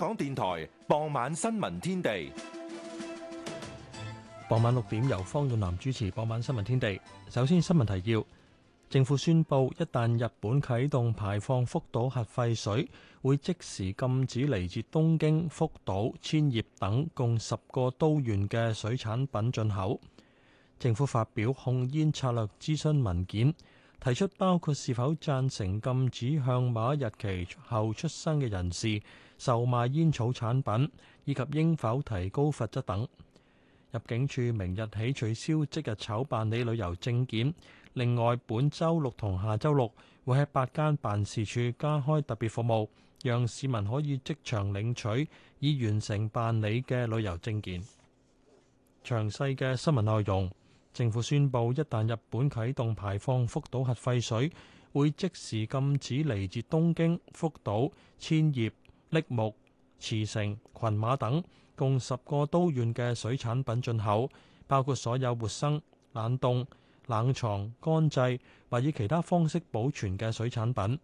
香港電臺傍晚新聞天地，傍晚六點由方俊南主持。傍晚新聞天地，首先新聞提要：政府宣佈，一旦日本啟動排放福島核廢水，會即時禁止嚟自東京、福島、千葉等共十個都縣嘅水產品進口。政府發表控煙策略諮詢文件，提出包括是否贊成禁止向某一日期後出生嘅人士。售賣煙草產品以及應否提高罰則等。入境處明日起取消即日籌辦理旅遊證件。另外，本周六同下周六會喺八間辦事處加開特別服務，讓市民可以即場領取已完成辦理嘅旅遊證件。詳細嘅新聞內容，政府宣布一旦日本啟動排放福島核廢水，會即時禁止嚟自東京、福島、千葉、櫪木、茨城、群馬等共十個都縣嘅水產品進口，包括所有活生、冷凍、冷藏、乾製或以其他方式保存嘅水產品。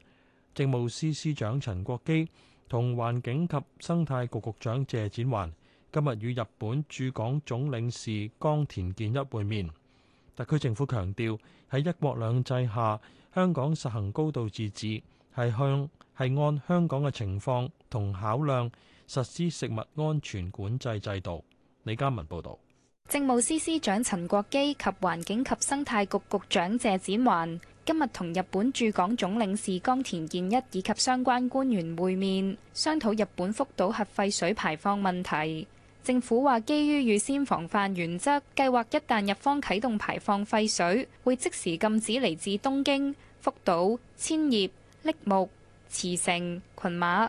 政務司司長陳國基同環境及生態局局長謝展寰今日與日本駐港總領事岡田健一會面。特區政府強調喺一國兩制下，香港實行高度自治，係向係按香港嘅情況。同考量實施食物安全管制制度。李家文報道，政務司司長陳國基及環境及生態局局長謝展寰今日同日本駐港總領事岡田健一以及相關官員會面，商討日本福島核廢水排放問題。政府話，基於預先防範原則，計劃一旦日方啟動排放廢水，會即時禁止嚟自東京、福島、千葉、栃木、茨城、群馬。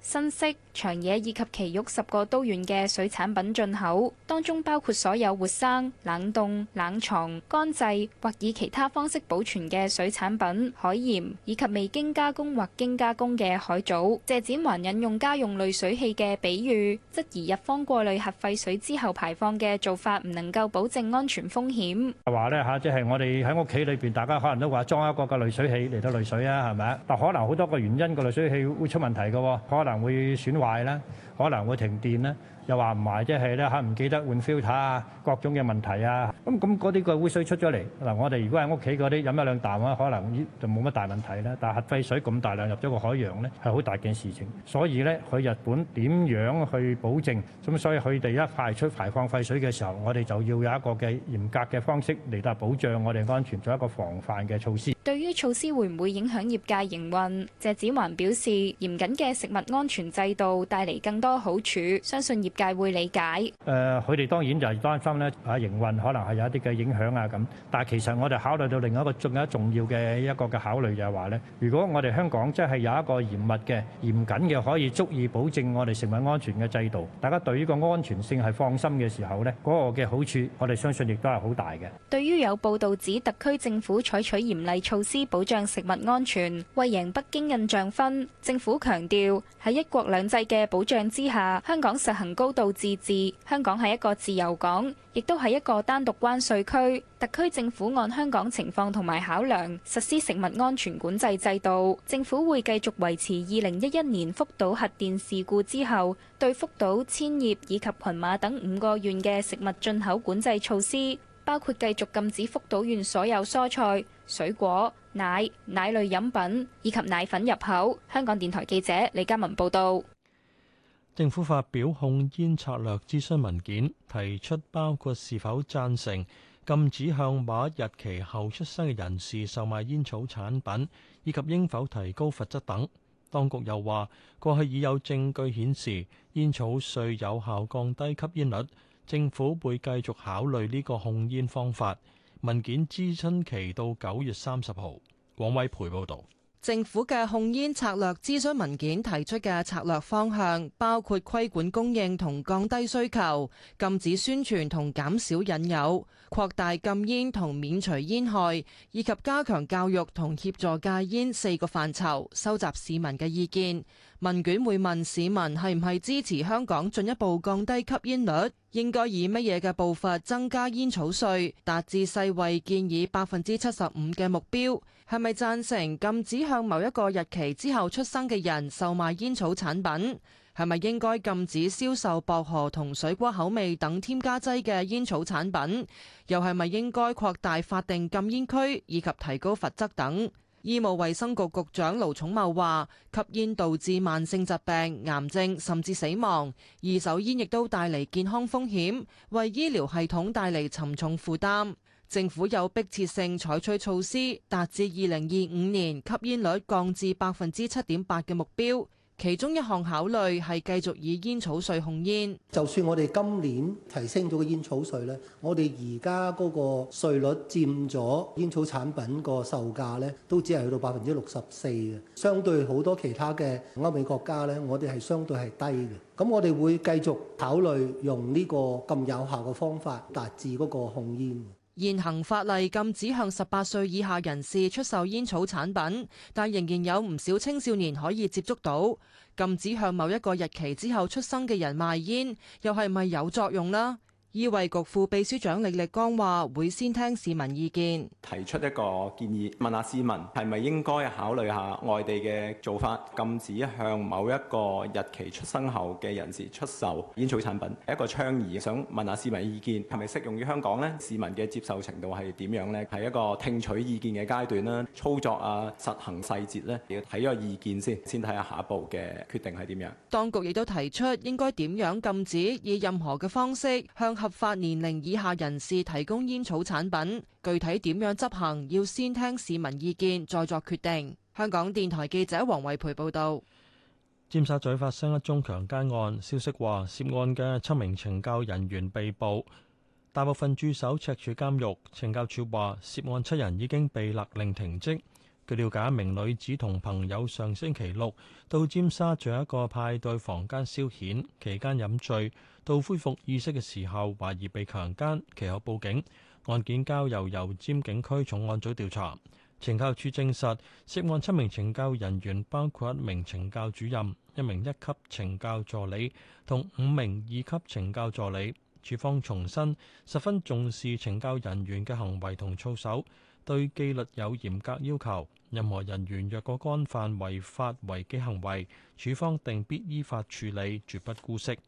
新潟、長野以及埼玉十個都縣嘅水產品進口，當中包括所有活生、冷凍、冷藏、乾製或以其他方式保存嘅水產品、海鹽以及未經加工或經加工嘅海藻。借展還引用家用濾水器嘅比喻，質疑日方過濾核廢水之後排放嘅做法唔能夠保證安全風險。話呢，嚇，即係我哋喺屋企裏邊，大家可能都話裝一個個濾水器嚟得濾水啊，係咪啊？但可能好多個原因個濾水器會出問題嘅，可能。可能會損壞啦，可能會停電啦。又話唔埋，即係咧嚇，唔記得換 filter 啊，各種嘅問題啊，咁咁嗰啲個污水出咗嚟嗱，我哋如果喺屋企嗰啲飲一兩啖啦，可能就冇乜大問題啦。但係核廢水咁大量入咗個海洋咧，係好大件事情。所以咧，去日本點樣去保證？咁所以佢哋一排出排放廢水嘅時候，我哋就要有一個嘅嚴格嘅方式嚟到保障我哋安全，做一個防範嘅措施。對於措施會唔會影響業界營運？謝子環表示，嚴謹嘅食物安全制度帶嚟更多好處，相信業。界會理解，誒佢哋當然就係擔心咧，啊營運可能係有一啲嘅影響啊咁。但係其實我哋考慮到另一個更加重要嘅一個嘅考慮就係話咧，如果我哋香港即係有一個嚴密嘅、嚴謹嘅可以足以保證我哋食物安全嘅制度，大家對呢個安全性係放心嘅時候咧，嗰個嘅好處我哋相信亦都係好大嘅。對於有報道指特區政府採取嚴厲措施保障食物安全，為贏北京印象分，政府強調喺一國兩制嘅保障之下，香港實行高。高度自治，香港係一個自由港，亦都係一個單獨關稅區。特區政府按香港情況同埋考量，實施食物安全管制制度。政府會繼續維持2011年福島核電事故之後對福島、千葉以及群馬等五個縣嘅食物進口管制措施，包括繼續禁止福島縣所有蔬菜、水果、奶、奶類飲品以及奶粉入口。香港電台記者李嘉文報道。政府發表控煙策略諮詢文件，提出包括是否贊成禁止向某日期後出生嘅人士售賣煙草產品，以及應否提高罰則等。當局又話，過去已有證據顯示煙草稅有效降低吸煙率，政府會繼續考慮呢個控煙方法。文件諮詢期到九月三十號。鄺偉培報道。政府嘅控煙策略諮詢文件提出嘅策略方向包括規管供應同降低需求、禁止宣傳同減少引誘、擴大禁煙同免除煙害，以及加強教育同協助戒煙四個範疇。收集市民嘅意見，問卷會問市民係唔係支持香港進一步降低吸煙率，應該以乜嘢嘅步伐增加煙草稅，達至世衞建議百分之七十五嘅目標。係咪贊成禁止向某一個日期之後出生嘅人售賣煙草產品？係咪應該禁止銷售薄荷同水果口味等添加劑嘅煙草產品？又係咪應該擴大法定禁煙區，以及提高罰則等？醫務衛生局局長盧寵茂話：吸煙導致慢性疾病、癌症甚至死亡，二手煙亦都帶嚟健康風險，為醫療系統帶嚟沉重負擔。政府有迫切性採取措施，達至二零二五年吸煙率降至百分之七點八嘅目標。其中一項考慮係繼續以煙草稅控煙。就算我哋今年提升咗個煙草稅咧，我哋而家嗰個稅率佔咗煙草產品個售價咧，都只係去到百分之六十四嘅，相對好多其他嘅歐美國家咧，我哋係相對係低嘅。咁我哋會繼續考慮用呢個咁有效嘅方法達至嗰個控煙。現行法例禁止向十八歲以下人士出售煙草產品，但仍然有唔少青少年可以接觸到。禁止向某一個日期之後出生嘅人賣煙，又係咪有作用呢？醫衛局副秘書長李力剛話，會先聽市民意見，提出一個建議，問下市民係咪應該考慮下外地嘅做法，禁止向某一個日期出生後嘅人士出售煙草產品，一個倡議，想問下市民意見，係咪適用於香港呢？市民嘅接受程度係點樣呢？係一個聽取意見嘅階段啦，操作啊，實行細節咧，要睇呢個意見先，先睇下下一步嘅決定係點樣。當局亦都提出應該點樣禁止，以任何嘅方式向合。法年齡以下人士提供煙草產品，具體點樣執行，要先聽市民意見再作決定。香港電台記者黃慧培報道。尖沙咀發生一宗強姦案，消息話涉案嘅七名懲教人員被捕，大部分駐守赤柱監獄。懲教署話涉案七人已經被勒令停職。據了解，一名女子同朋友上星期六到尖沙咀一個派對房間消遣，期間飲醉，到恢復意識嘅時候懷疑被強姦，其後報警。案件交由油尖警區重案組調查。懲教署證實，涉案七名懲教人員包括一名懲教主任、一名一級懲教助理同五名二級懲教助理。處方重申，十分重視懲教人員嘅行為同操守。對紀律有嚴格要求，任何人員若果干犯違法違紀行為，處方定必依法處理，絕不姑息。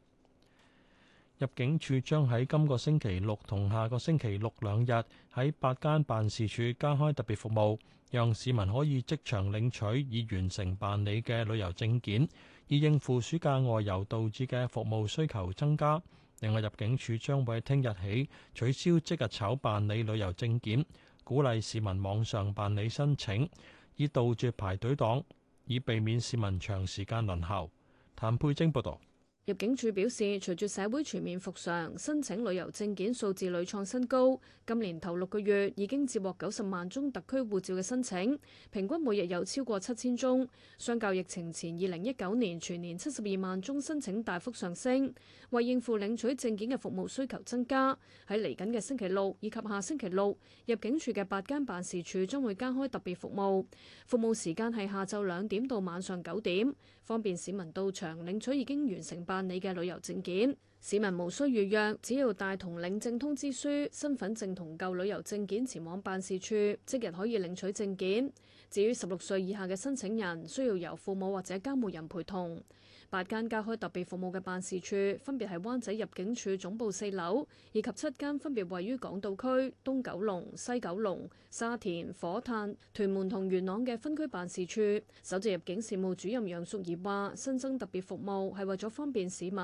入境處將喺今個星期六同下個星期六兩日喺八間辦事處加開特別服務，讓市民可以即場領取已完成辦理嘅旅遊證件，以應付暑假外遊導致嘅服務需求增加。另外，入境處將會聽日起取消即日籌辦理旅遊證件。鼓勵市民網上辦理申請，以杜絕排隊黨，以避免市民長時間輪候。譚佩晶報導。入境處表示，隨住社會全面復常，申請旅遊證件數字屢創新高。今年頭六個月已經接獲九十萬宗特區護照嘅申請，平均每日有超過七千宗，相較疫情前二零一九年全年七十二萬宗申請大幅上升。為應付領取證件嘅服務需求增加，喺嚟緊嘅星期六以及下星期六，入境處嘅八間辦事處將會加開特別服務，服務時間係下晝兩點到晚上九點。方便市民到場領取已經完成辦理嘅旅遊證件，市民無需預約，只要帶同領證通知書、身份證同舊旅遊證件前往辦事處，即日可以領取證件。至於十六歲以下嘅申請人，需要由父母或者監護人陪同。八間加開特別服務嘅辦事處，分別係灣仔入境處總部四樓，以及七間分別位於港島區、東九龍、西九龍、沙田、火炭、屯門同元朗嘅分區辦事處。首席入境事務主任楊淑儀話，新增特別服務係為咗方便市民，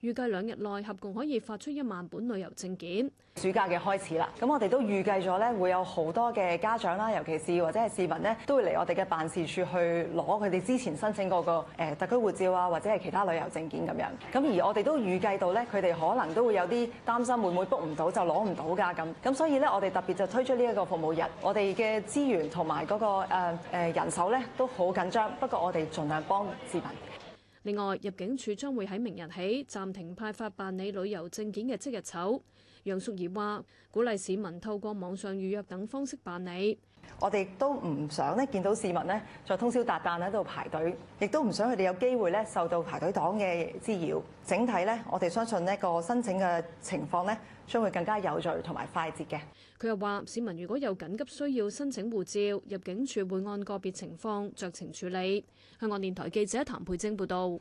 預計兩日內合共可以發出一萬本旅遊證件。暑假嘅開始啦，咁我哋都預計咗呢，會有好多嘅家長啦，尤其是或者係市民呢，都會嚟我哋嘅辦事處去攞佢哋之前申請過個誒特區護照啊，或即係其他旅遊證件咁樣，咁而我哋都預計到咧，佢哋可能都會有啲擔心，會唔會 book 唔到就攞唔到㗎？咁咁所以咧，我哋特別就推出呢一個服務日，我哋嘅資源同埋嗰個誒、呃、人手咧都好緊張，不過我哋盡量幫市民。另外，入境處將會喺明日起暫停派發辦理旅遊證件嘅即日籌，楊淑儀話：鼓勵市民透過網上預約等方式辦理。我哋都唔想呢見到市民呢在通宵達旦喺度排隊，亦都唔想佢哋有機會呢受到排隊黨嘅滋擾。整體呢，我哋相信呢個申請嘅情況呢將會更加有序同埋快捷嘅。佢又話市民如果有緊急需要申請護照，入境處會按個別情況酌情處理。香港電台記者譚佩晶報道。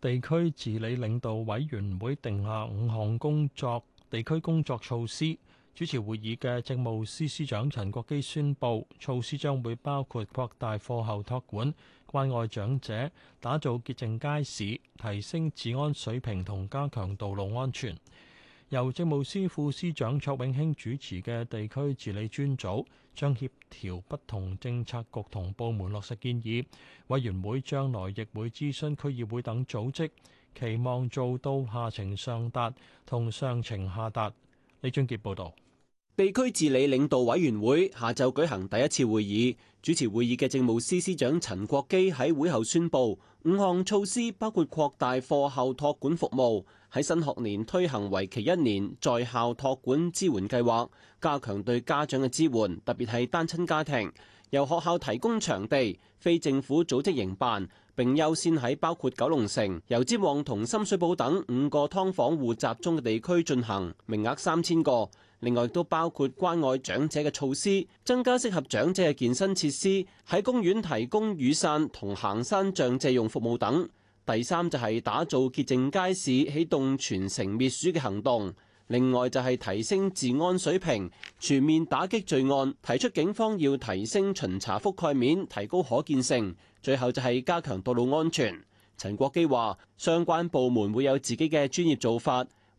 地區治理領導委員會定下五項工作地區工作措施。主持會議嘅政務司司長陳國基宣布，措施將會包括擴大課後託管、關愛長者、打造潔淨街市、提升治安水平同加強道路安全。由政務司副司長卓永興主持嘅地區治理專組，將協調不同政策局同部門落實建議。委員會將來亦會諮詢區議會等組織，期望做到下情上達同上情下達。李俊杰報道。地區治理領導委員會下晝舉行第一次會議，主持會議嘅政務司司長陳國基喺會後宣布五項措施，包括擴大課後托管服務，喺新學年推行為期一年在校托管支援計劃，加強對家長嘅支援，特別係單親家庭，由學校提供場地，非政府組織營辦，並優先喺包括九龍城、油尖旺同深水埗等五個劏房戶集中嘅地區進行，名額三千個。另外都包括關愛長者嘅措施，增加適合長者嘅健身設施，喺公園提供雨傘同行山杖借用服務等。第三就係打造潔淨街市，起動全城滅鼠嘅行動。另外就係提升治安水平，全面打擊罪案。提出警方要提升巡查覆蓋面，提高可見性。最後就係加強道路安全。陳國基話：相關部門會有自己嘅專業做法。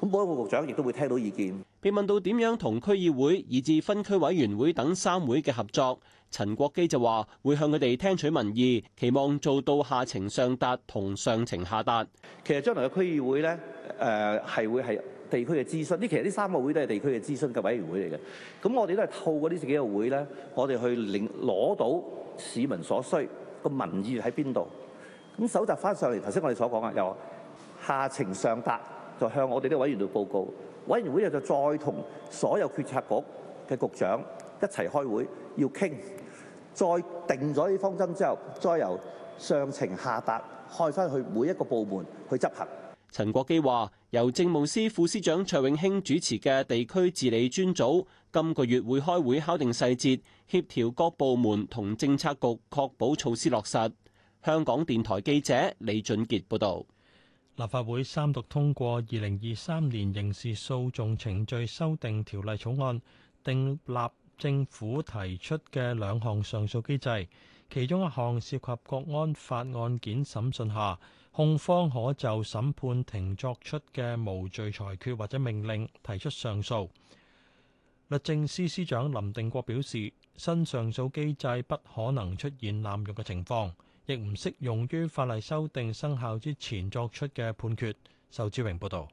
咁保安部局長亦都會聽到意見。被問到點樣同區議會以至分區委員會等三會嘅合作，陳國基就話會向佢哋聽取民意，期望做到下情上達同上情下達。其實將來嘅區議會咧，誒係會係地區嘅諮詢，呢其實呢三個會都係地區嘅諮詢嘅委員會嚟嘅。咁我哋都係透過呢幾個會咧，我哋去領攞到市民所需個民意喺邊度，咁搜集翻上嚟。頭先我哋所講嘅，有下情上達。就向我哋啲委員度報告，委員會又就再同所有決策局嘅局長一齊開會，要傾，再定咗啲方針之後，再由上情下達，開翻去每一個部門去執行。陳國基話，由政務司副司長卓永興主持嘅地區治理專組，今個月會開會敲定細節，協調各部門同政策局確保措施落實。香港電台記者李俊傑報道。立法會三讀通過《二零二三年刑事訴訟程序修訂條例草案》，訂立政府提出嘅兩項上訴機制，其中一項涉及國安法案件審訊下，控方可就審判庭作出嘅無罪裁決或者命令提出上訴。律政司司長林定國表示，新上訴機制不可能出現濫用嘅情況。亦唔適用於法例修訂生效之前作出嘅判決。仇志榮報導。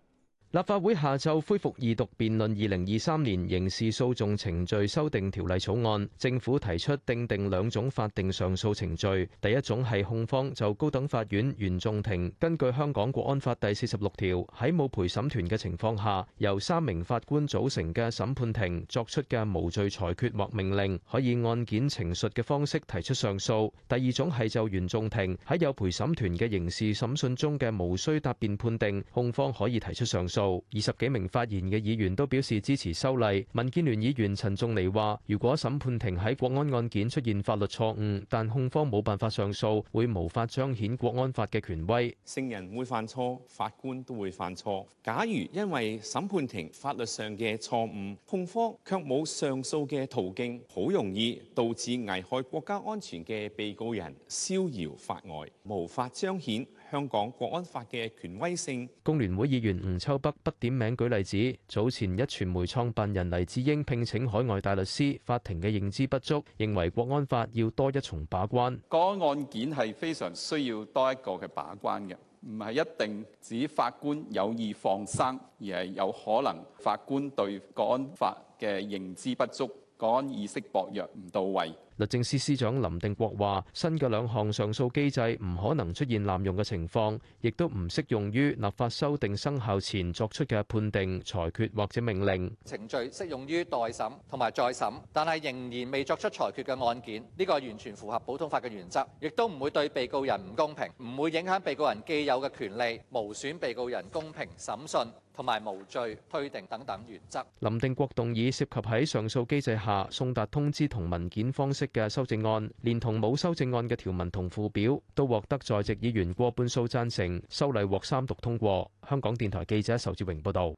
立法會下晝恢復二讀辯論《二零二三年刑事訴訟程序修訂條例草案》，政府提出訂定兩種法定上訴程序。第一種係控方就高等法院原訟庭根據香港國安法第四十六條，喺冇陪審團嘅情況下，由三名法官組成嘅審判庭作出嘅無罪裁決或命令，可以案件呈述嘅方式提出上訴。第二種係就原訟庭喺有陪審團嘅刑事審訊中嘅無需答辯判定，控方可以提出上訴。二十幾名發言嘅議員都表示支持修例。民建聯議員陳仲尼話，如果審判庭喺國安案件出現法律錯誤，但控方冇辦法上訴，會無法彰顯國安法嘅權威。聖人會犯錯，法官都會犯錯。假如因為審判庭法律上嘅錯誤，控方卻冇上訴嘅途徑，好容易導致危害國家安全嘅被告人逍遙法外，無法彰顯香港《國安法》嘅權威性，工聯會議員吳秋北不點名舉例子，早前一傳媒創辦人黎智英聘請海外大律師，法庭嘅認知不足，認為《國安法》要多一重把關。個案件係非常需要多一個嘅把關嘅，唔係一定指法官有意放生，而係有可能法官對《國安法》嘅認知不足，國安意識薄弱，唔到位。律政司司長林定國話，新嘅兩項上訴機制唔可能出現濫用嘅情況，亦都唔適用於立法修訂生效前作出嘅判定、裁決或者命令。程序適用於待審同埋再審，但係仍然未作出裁決嘅案件，呢個完全符合普通法嘅原則，亦都唔會對被告人唔公平，唔會影響被告人既有嘅權利，無損被告人公平審訊同埋無罪推定等等原則。林定國動議涉及喺上訴機制下送達通知同文件方式嘅修正案，連同冇修正案嘅條文同附表，都獲得在席議員過半數贊成，修例獲三讀通過。香港電台記者仇志榮報道。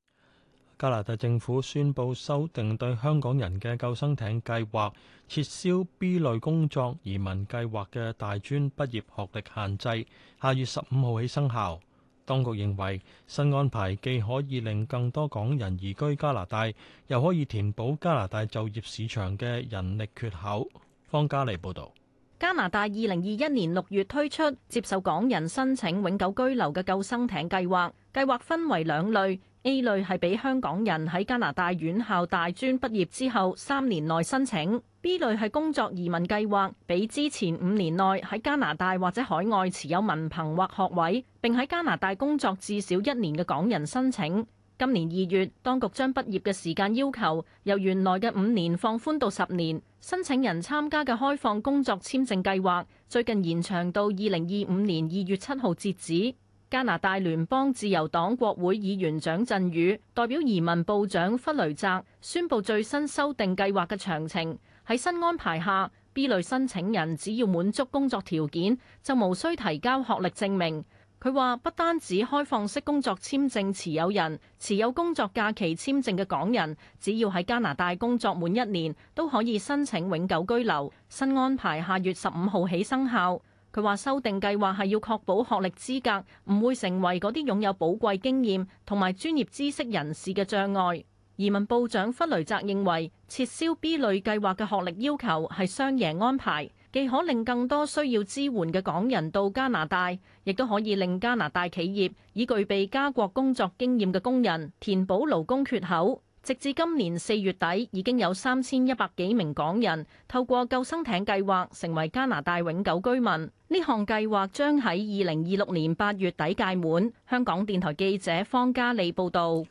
加拿大政府宣布修訂對香港人嘅救生艇計劃，撤銷 B 類工作移民計劃嘅大專畢業學歷限制，下月十五號起生效。當局認為新安排既可以令更多港人移居加拿大，又可以填補加拿大就業市場嘅人力缺口。方嘉莉報道：加拿大二零二一年六月推出接受港人申請永久居留嘅救生艇計劃，計劃分為兩類。A 類係俾香港人喺加拿大院校大專畢業之後三年內申請；B 類係工作移民計劃，俾之前五年內喺加拿大或者海外持有文憑或學位，並喺加拿大工作至少一年嘅港人申請。今年二月，當局將畢業嘅時間要求由原來嘅五年放寬到十年。申請人參加嘅開放工作簽證計劃最近延長到二零二五年二月七號截止。加拿大聯邦自由黨國會議員蔣振宇代表移民部長弗雷澤宣布最新修訂計劃嘅詳情。喺新安排下，B 類申請人只要滿足工作條件，就無需提交學歷證明。佢話：不單止開放式工作簽證持有人、持有工作假期簽證嘅港人，只要喺加拿大工作滿一年，都可以申請永久居留。新安排下月十五號起生效。佢話修訂計劃係要確保學歷資格唔會成為嗰啲擁有寶貴經驗同埋專業知識人士嘅障礙。移民部長弗雷澤認為，撤銷 B 類計劃嘅學歷要求係雙贏安排。既可令更多需要支援嘅港人到加拿大，亦都可以令加拿大企業以具備加國工作經驗嘅工人填補勞工缺口。直至今年四月底，已經有三千一百幾名港人透過救生艇計劃成為加拿大永久居民。呢項計劃將喺二零二六年八月底屆滿，香港電台記者方嘉利報道。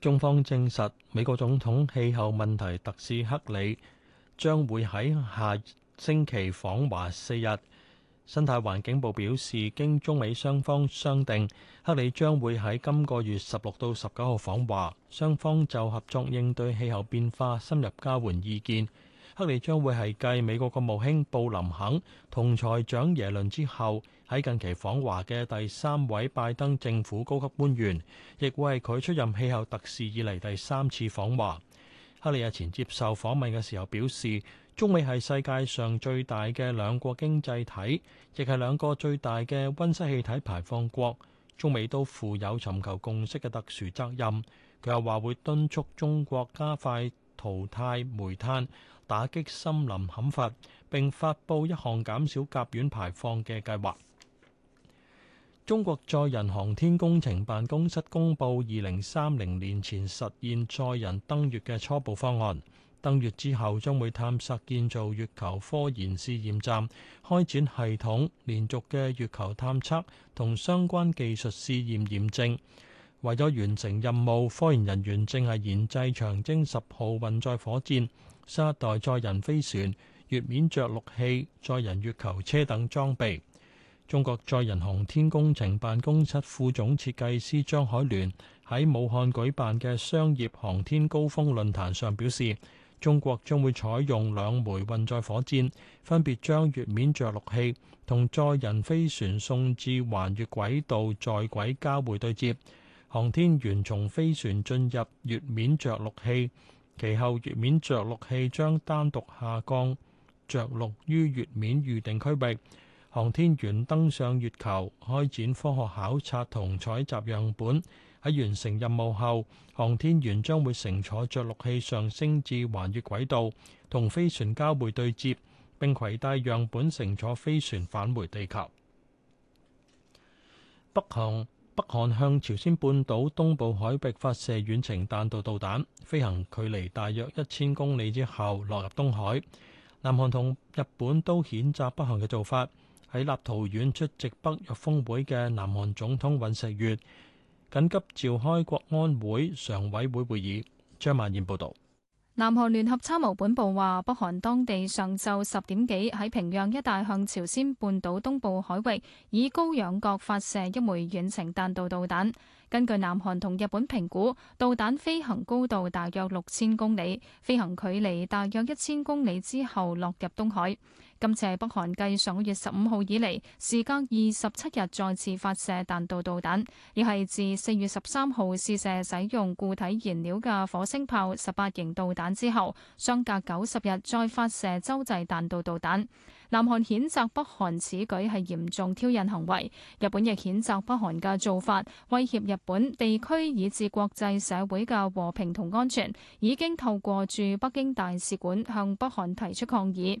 中方證實美國總統氣候問題特使克里將會喺下。星期訪華四日，生態環境部表示，經中美雙方商定，克里將會喺今個月十六到十九號訪華，雙方就合作應對氣候變化深入交換意見。克里將會係繼美國國務卿布林肯、同財長耶倫之後，喺近期訪華嘅第三位拜登政府高級官員，亦會係佢出任氣候特使以嚟第三次訪華。克里日前接受訪問嘅時候表示：中美係世界上最大嘅兩國經濟體，亦係兩個最大嘅溫室氣體排放國。中美都負有尋求共識嘅特殊責任。佢又話會敦促中國加快淘汰煤炭、打擊森林砍伐，並發布一項減少甲烷排放嘅計劃。中國載人航天工程辦公室公布，二零三零年前實現載人登月嘅初步方案。登月之後將會探索建造月球科研試驗站，開展系統連續嘅月球探測同相關技術試驗驗證。為咗完成任務，科研人員正係研製長征十號運載火箭、新一代載人飛船、月面着陸器、載人月球車等裝備。中國載人航天工程辦公室副總設計師張海聯喺武漢舉辦嘅商業航天高峰論壇上表示。中國將會採用兩枚運載火箭，分別將月面着陸器同載人飛船送至環月軌道，在軌交會對接。航天員從飛船進入月面着陸器，其後月面着陸器將單獨下降着陸於月面預定區域。航天員登上月球，開展科學考察同採集樣本。喺完成任務後，航天員將會乘坐著陸器上升至環月軌道，同飛船交匯對接，並攜帶樣本乘坐飛船返回地球。北韓北韓向朝鮮半島東部海域發射遠程彈道導彈，飛行距離大約一千公里之後落入東海。南韓同日本都譴責北韓嘅做法。喺立陶宛出席北約峰會嘅南韓總統尹錫悅，緊急召開國安會常委會會議。張曼燕報道。南韓聯合參謀本部話，北韓當地上晝十點幾喺平壤一帶向朝鮮半島東部海域以高仰角發射一枚遠程彈道導彈。根據南韓同日本評估，導彈飛行高度大約六千公里，飛行距離大約一千公里之後落入東海。今次係北韓繼上個月十五號以嚟，時隔二十七日再次發射彈道導彈，亦係自四月十三號試射使用固體燃料嘅火星炮十八型導彈之後，相隔九十日再發射洲際彈道導彈。南韓譴責北韓此舉係嚴重挑釁行為，日本亦譴責北韓嘅做法威脅日本地區以至國際社會嘅和平同安全，已經透過駐北京大使館向北韓提出抗議。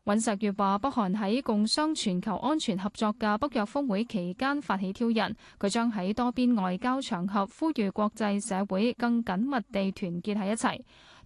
尹錫悅話：北韓喺共商全球安全合作嘅北約峰會期間發起挑釁，佢將喺多邊外交場合呼籲國際社會更緊密地團結喺一齊。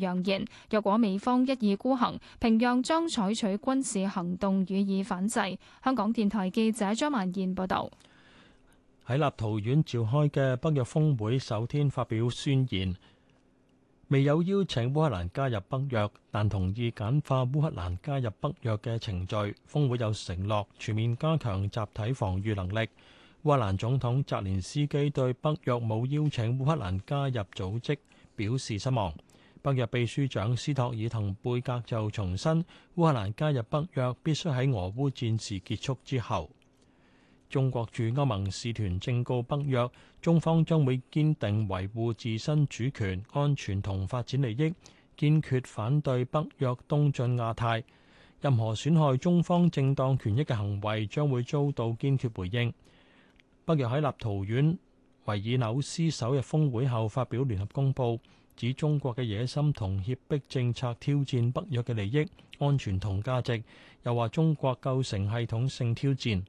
揚言，若果美方一意孤行，平壤將採取軍事行動予以反制。香港電台記者張曼燕報道：喺立陶宛召開嘅北約峰會首天發表宣言，未有邀請烏克蘭加入北約，但同意簡化烏克蘭加入北約嘅程序。峰會有承諾，全面加強集體防禦能力。烏克蘭總統澤連斯基對北約冇邀請烏克蘭加入組織表示失望。北約秘書長斯托爾滕貝格就重申，烏克蘭加入北約必須喺俄烏戰事結束之後。中國駐歐盟使團正告北約，中方將會堅定維護自身主權、安全同發展利益，堅決反對北約東進亞太。任何損害中方正當權益嘅行為，將會遭到堅決回應。北約喺立陶宛維爾紐斯首日峰會後發表聯合公報。指中國嘅野心同脅迫政策挑戰北約嘅利益、安全同價值，又話中國構成系統性挑戰。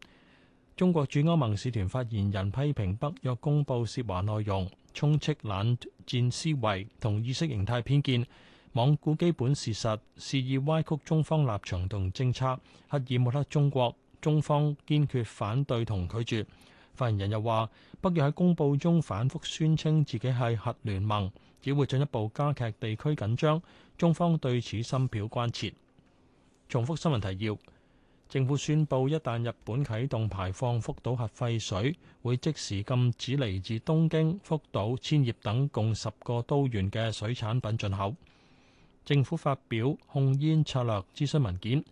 中國駐歐盟使團發言人批評北約公佈涉華內容充斥冷戰思維同意識形態偏見，罔顧基本事實，肆意歪曲中方立場同政策，刻意抹黑中國。中方堅決反對同拒絕。發言人又話，北約喺公佈中反覆宣稱自己係核聯盟。只會進一步加劇地區緊張，中方對此深表關切。重複新聞提要：政府宣布，一旦日本啟動排放福島核廢水，會即時禁止嚟自東京、福島、千葉等共十個都縣嘅水產品進口。政府發表控煙策略諮詢文件，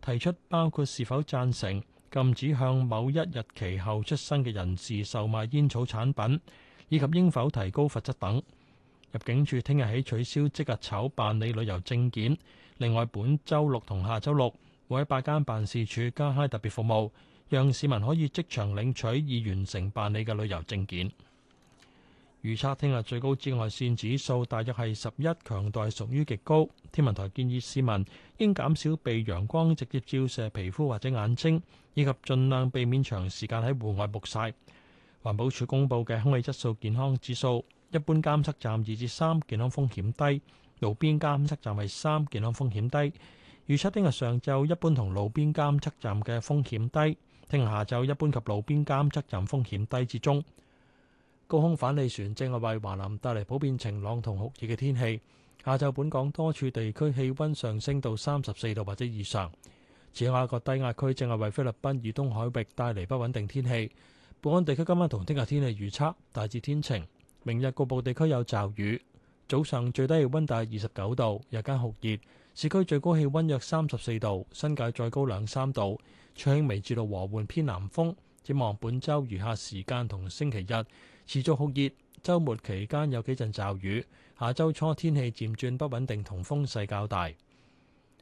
提出包括是否贊成禁止向某一日期後出生嘅人士售賣煙草產品，以及應否提高罰則等。入境處聽日起取消即日籌辦理旅遊證件。另外本，本周六同下周六會喺八間辦事處加開特別服務，讓市民可以即場領取已完成辦理嘅旅遊證件。預測聽日最高紫外線指數大約係十一，強度屬於極高。天文台建議市民應減少被陽光直接照射皮膚或者眼睛，以及盡量避免長時間喺戶外曝曬。環保署公布嘅空氣質素健康指數。一般監測站二至三，健康風險低，路邊監測站係三，健康風險低。預測聽日上晝一般同路邊監測站嘅風險低，聽日下晝一般及路邊監測站風險低至中。高空反氣旋正係為華南帶嚟普遍晴朗同酷熱嘅天氣。下晝本港多處地區氣溫上升到三十四度或者以上。此外，個低壓區正係為菲律賓以東海域帶嚟不穩定天氣。本港地區今晚同聽日天氣預測大致天晴。明日局部地區有驟雨，早上最低氣溫大約二十九度，日間酷熱，市區最高氣溫約三十四度，新界再高兩三度。吹輕微至到和緩偏南風，展望本周餘下時間同星期一持續酷熱，周末期間有幾陣驟雨，下周初天氣漸轉不穩定同風勢較大。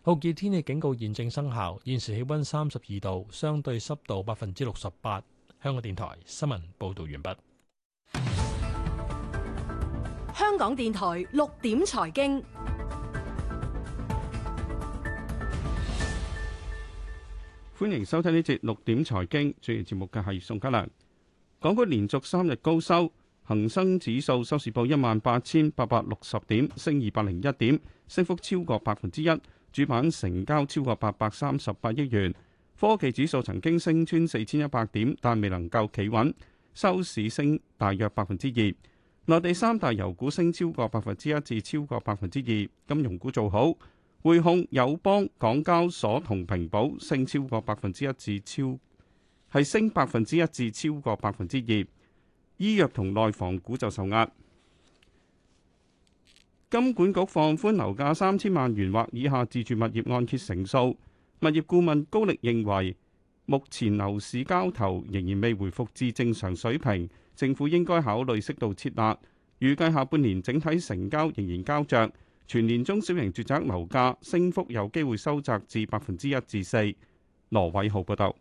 酷熱天氣警告現正生效，現時氣溫三十二度，相對濕度百分之六十八。香港電台新聞報道完畢。香港電台六點財經，歡迎收聽呢節六點財經，主持節目嘅係宋嘉良。港股連續三日高收，恒生指數收市報一萬八千八百六十點，升二百零一點，升幅超過百分之一。主板成交超過八百三十八億元。科技指數曾經升穿四千一百點，但未能夠企穩，收市升大約百分之二。內地三大油股升超過百分之一至超過百分之二，金融股做好，匯控、友邦、港交所同平保升超過百分之一至超係升百分之一至超過百分之二，醫藥同內房股就受壓。金管局放寬樓價三千萬元或以下自住物業按揭成數，物業顧問高力認為，目前樓市交投仍然未回復至正常水平。政府應該考慮適度設立，預計下半年整體成交仍然膠著，全年中小型住宅樓價升幅有機會收窄至百分之一至四。羅偉豪報導。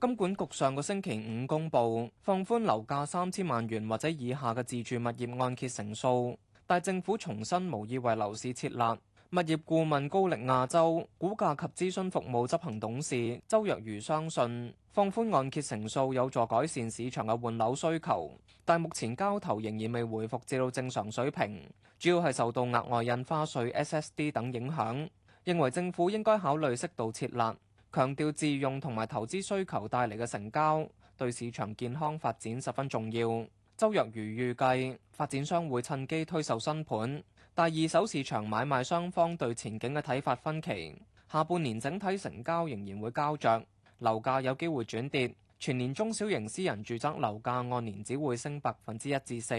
金管局上個星期五公布放寬樓價三千萬元或者以下嘅自住物業按揭成數，但政府重申無意為樓市設立。物業顧問高力亞洲估價及諮詢服務執行董事周若如相信放寬按揭成數有助改善市場嘅換樓需求，但目前交投仍然未回復至到正常水平，主要係受到額外印花稅、SSD 等影響。認為政府應該考慮適度設立，強調自用同埋投資需求帶嚟嘅成交對市場健康發展十分重要。周若如預計發展商會趁機推售新盤。但二手市場買賣雙方對前景嘅睇法分歧，下半年整體成交仍然會膠着，樓價有機會轉跌。全年中小型私人住宅樓價按年只會升百分之一至四。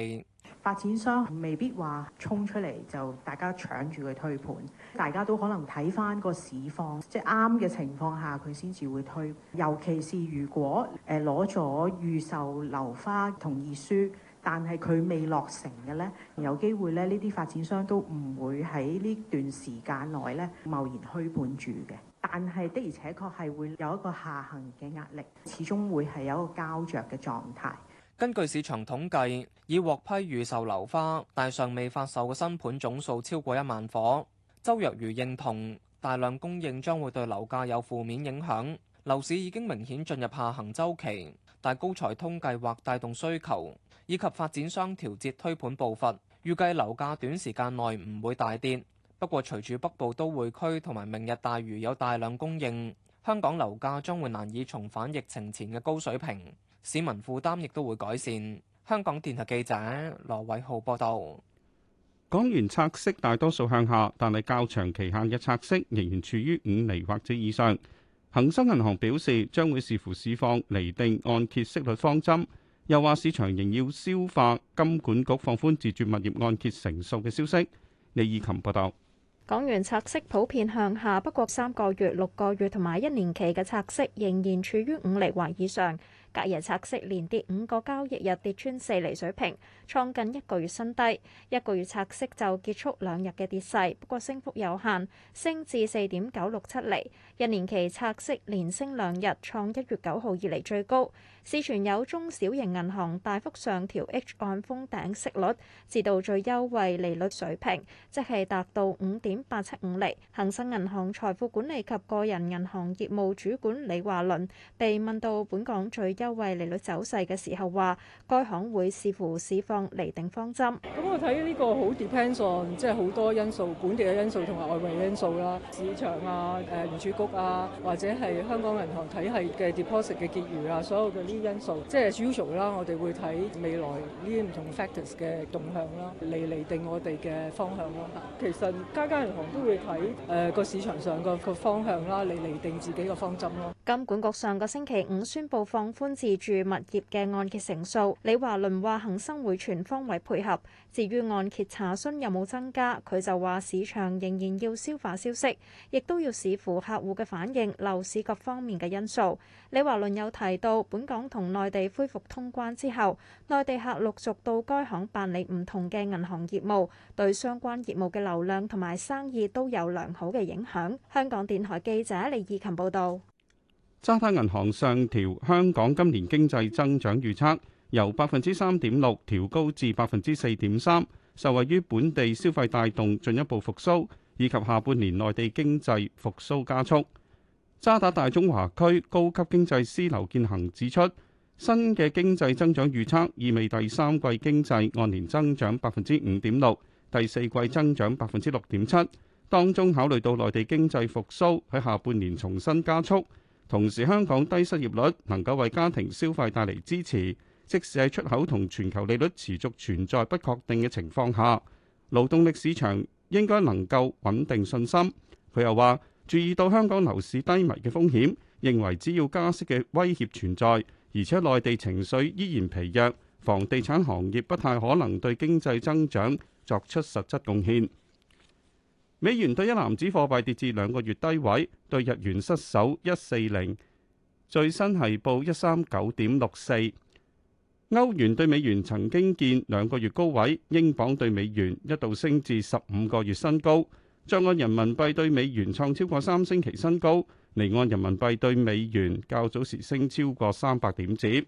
發展商未必話衝出嚟就大家搶住嚟推盤，大家都可能睇返個市況，即係啱嘅情況下佢先至會推。尤其是如果誒攞咗預售樓花同意書。但係佢未落成嘅呢，有機會咧，呢啲發展商都唔會喺呢段時間內咧，貿然開盤住嘅。但係的而且確係會有一個下行嘅壓力，始終會係有一個膠着嘅狀態。根據市場統計，已獲批預售樓花，但尚未發售嘅新盤總數超過一萬夥。周若如認同大量供應將會對樓價有負面影響，樓市已經明顯進入下行週期，但高才通計劃帶動需求。以及發展商調節推盤步伐，預計樓價短時間內唔會大跌。不過，隨住北部都會區同埋明日大嶼有大量供應，香港樓價將會難以重返疫情前嘅高水平，市民負擔亦都會改善。香港電台記者羅偉浩報道。港元拆息大多數向下，但係較長期限嘅拆息仍然處於五厘或者以上。恒生銀行表示，將會視乎市況釐定按揭息率方針。又話市場仍要消化金管局放寬自住物業按揭成數嘅消息。李以琴報道。港元拆息普遍向下，不過三個月、六個月同埋一年期嘅拆息仍然處於五厘或以上。隔夜拆息連跌五個交易日，跌穿四厘水平，創近一個月新低。一個月拆息就結束兩日嘅跌勢，不過升幅有限，升至四點九六七厘。一年期拆息連升兩日，創一月九號以嚟最高。市傳有中小型銀行大幅上調 H 按封頂息率，至到最優惠利率水平，即係達到五點八七五厘。恒生銀行財富管理及個人銀行業務主管李華倫被問到本港最優惠利率走勢嘅時候，話，該行會視乎市況厘定方針，咁我睇呢個好 depends on，即係好多因素，本地嘅因素同埋外圍因素啦，市場啊，誒聯儲局啊，或者係香港銀行體系嘅 deposit 嘅結餘啊，所有嘅。啲因素，即係 usual 啦，我哋會睇未來呢啲唔同 factors 嘅動向啦，嚟嚟定我哋嘅方向咯。吓，其實家家銀行都會睇誒個市場上個個方向啦，嚟嚟定自己個方針咯。金管局上個星期五宣布放寬自住物業嘅按揭成數。李華倫話：恒生會全方位配合。至於按揭查詢有冇增加，佢就話市場仍然要消化消息，亦都要視乎客戶嘅反應、樓市各方面嘅因素。李華倫又提到，本港同內地恢復通關之後，內地客陸續到該行辦理唔同嘅銀行業務，對相關業務嘅流量同埋生意都有良好嘅影響。香港電台記者李義琴報道。渣打銀行上調香港今年經濟增長預測，由百分之三點六調高至百分之四點三，受惠於本地消費帶動進一步復蘇，以及下半年內地經濟復蘇加速。渣打大中華區高級經濟師劉建恆指出，新嘅經濟增長預測意味第三季經濟按年增長百分之五點六，第四季增長百分之六點七。當中考慮到內地經濟復蘇喺下半年重新加速。同時，香港低失業率能夠為家庭消費帶嚟支持，即使喺出口同全球利率持續存在不確定嘅情況下，勞動力市場應該能夠穩定信心。佢又話，注意到香港樓市低迷嘅風險，認為只要加息嘅威脅存在，而且內地情緒依然疲弱，房地產行業不太可能對經濟增長作出實質貢獻。美元兌一籃子貨幣跌至兩個月低位，對日元失守一四零，最新係報一三九點六四。歐元對美元曾經見兩個月高位，英鎊兌美元一度升至十五個月新高。在岸人民幣對美元創超過三星期新高，離岸人民幣對美元較早時升超過三百點子。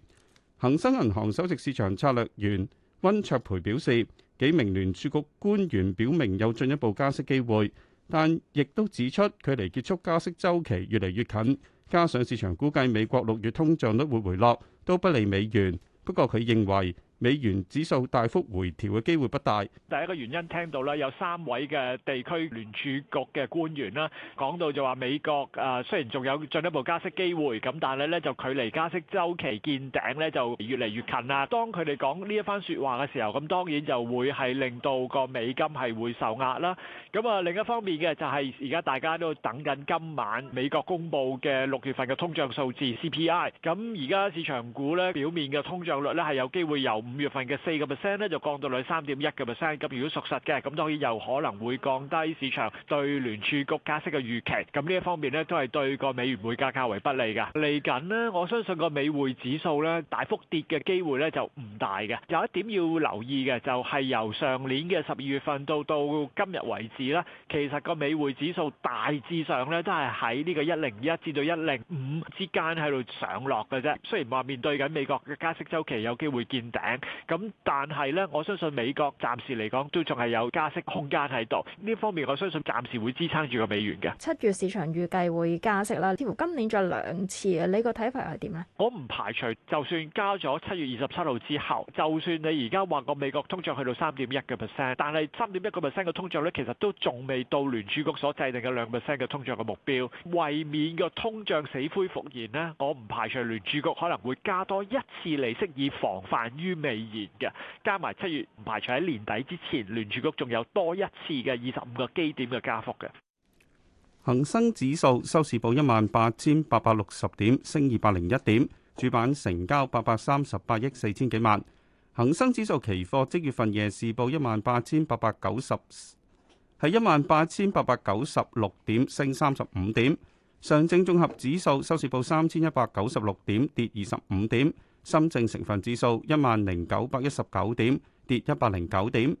恒生銀行首席市場策略員溫卓培表示，幾名聯儲局官員表明有進一步加息機會，但亦都指出距離結束加息週期越嚟越近，加上市場估計美國六月通脹率會回落，都不利美元。不過，佢認為。美元指數大幅回調嘅機會不大。第一個原因聽到咧，有三位嘅地區聯儲局嘅官員啦，講到就話美國啊，雖然仲有進一步加息機會，咁但係咧就距離加息週期見頂咧就越嚟越近啦。當佢哋講呢一番説話嘅時候，咁當然就會係令到個美金係會受壓啦。咁啊，另一方面嘅就係而家大家都等緊今晚美國公佈嘅六月份嘅通脹數字 CPI。咁而家市場股咧表面嘅通脹率咧係有機會由五月份嘅四個 percent 咧，就降到嚟三點一個 percent。咁如果屬實嘅，咁當然又可能會降低市場對聯儲局加息嘅預期。咁呢一方面咧，都係對個美元匯價較為不利嘅。嚟緊咧，我相信個美匯指數咧大幅跌嘅機會咧就唔大嘅。有一點要留意嘅，就係由上年嘅十二月份到到今日為止咧，其實個美匯指數大致上咧都係喺呢個一零一至到一零五之間喺度上落嘅啫。雖然話面對緊美國嘅加息週期有機會見頂。咁但係咧，我相信美國暫時嚟講都仲係有加息空間喺度。呢方面，我相信暫時會支撐住個美元嘅。七月市場預計會加息啦，似乎今年再兩次啊。你個睇法係點咧？我唔排除，就算加咗七月二十七號之後，就算你而家話個美國通脹去到三點一個 percent，但係三點一個 percent 嘅通脹率其實都仲未到聯儲局所制定嘅兩個 percent 嘅通脹嘅目標，為免個通脹死灰復燃呢，我唔排除聯儲局可能會加多一次利息以防範於未未言嘅，加埋七月唔排除喺年底之前，聯儲局仲有多一次嘅二十五個基點嘅加幅嘅。恒生指數收市報一萬八千八百六十點，升二百零一點，主板成交八百三十八億四千幾萬。恒生指數期貨即月份夜市報一萬八千八百九十，係一萬八千八百九十六點，升三十五點。上證綜合指數收市報三千一百九十六點，跌二十五點。深證成分指數一萬零九百一十九點，跌一百零九點。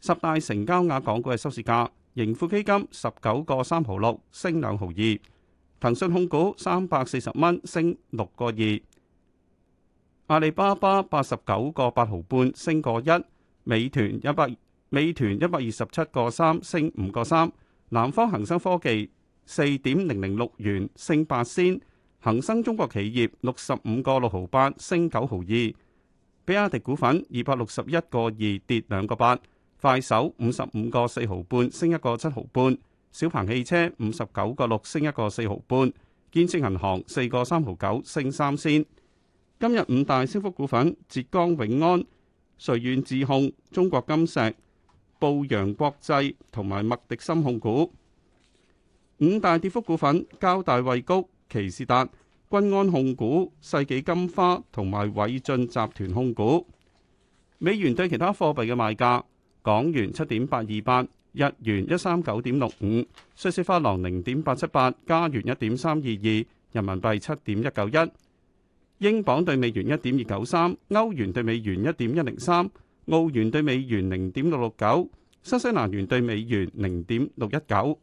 十大成交額港股嘅收市價，盈富基金十九個三毫六，升兩毫二；騰訊控股三百四十蚊，升六個二；阿里巴巴八十九個八毫半，升個一；美團一百美團一百二十七個三，升五個三；南方恒生科技四點零零六元，升八仙。恒生中國企業六十五個六毫八，升九毫二，比亞迪股份二百六十一個二，跌兩個八，快手五十五個四毫半，升一個七毫半，小鵬汽車五十九個六，升一個四毫半，建設銀行四個三毫九，升三仙。今日五大升幅股份：浙江永安、瑞遠智控、中國金石、步陽國際同埋麥迪森控股。五大跌幅股份：交大惠谷、奇士達、君安控股、世紀金花同埋偉俊集團控股。美元對其他貨幣嘅賣價：港元七點八二八，日元一三九點六五，瑞士法郎零點八七八，加元一點三二二，人民幣七點一九一，英鎊對美元一點二九三，歐元對美元一點一零三，澳元對美元零點六六九，新西蘭元對美元零點六一九。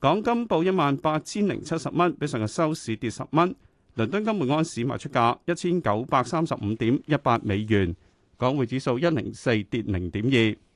港金報一萬八千零七十蚊，比上日收市跌十蚊。倫敦金每盎司賣出價一千九百三十五點一八美元，港匯指數一零四跌零點二。